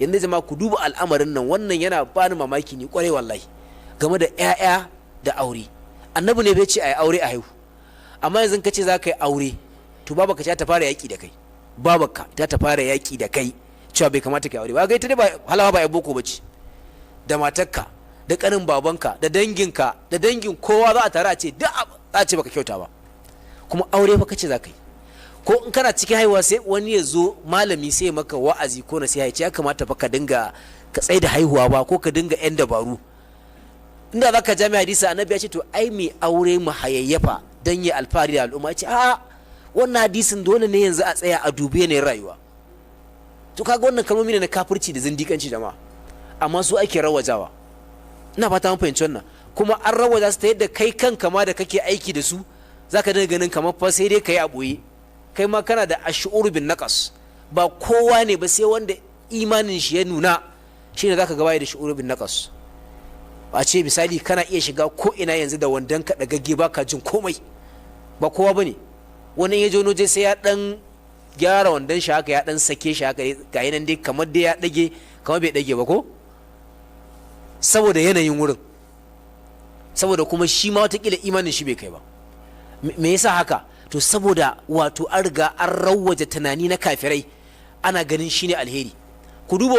yanzu zama ku duba al'amarin nan wannan yana bani mamaki ne kwarai wallahi game da ƴaƴa da aure annabi ne bai ce a yi aure a haihu amma yanzu ka ce za ka yi aure to babaka ta ta fara yaƙi da kai babaka ta ta fara yaƙi da kai cewa bai kamata ka yi aure ba ga ita dai ba halawa ba ya boko ba ce da matarka da ƙanin babanka da danginka da dangin kowa za a tare a ce duk za a ce baka kyauta ba kuma aure fa ka ce za ka yi ko in kana cikin haihuwa sai wani ya zo malami sai maka wa'azi ko na sai ya kamata fa ka dinga ka tsaye da haihuwa ba ko ka dinga yan dabaru inda zaka jami'a hadisi annabi ya ce to ai mai aure mu hayayyafa dan ya alfahari da al'umma ya ce a'a wannan hadisin dole ne yanzu a tsaya a dubi ne rayuwa to kaga wannan kalmomi ne na kafirci da zindikanci jama'a amma su ake rawajawa ina fata mun fahimci wannan kuma an rawaja su ta yadda kai kanka ma da kake aiki da su zaka dinga ganin kamar fa sai dai kai a boye kai ma kana da ash'ur bin naqas ba kowa ne ba sai wanda imanin shi ya nuna shine zaka ga bai da shu'ur bin naqas a ce misali kana iya shiga ko ina yanzu da wandan ka dagagge baka jin komai ba kowa bane wani ya je noje sai ya dan gyara wandan shi haka ya dan sake shi haka ga yanan dai kamar dai ya dage kamar bai dage ba ko saboda yanayin wurin saboda kuma shi ma watakila imanin shi bai kai ba me yasa haka to saboda wato an riga an rawaje tunani na kafirai ana ganin shine alheri ku duba